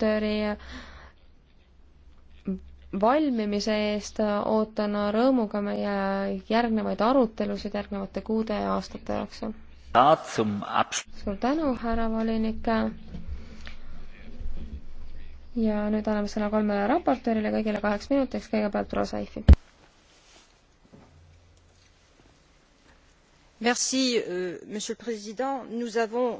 raportööri valmimise eest, ootan rõõmuga meie järgnevaid arutelusid järgnevate kuude ja aastate jooksul. suur tänu, härra volinik. ja nüüd anname sõna kolmele raportöörile, kõigile kaheks minutiks, kõigepealt Rosa Ifi. Merci, euh, Monsieur le Président. Nous avons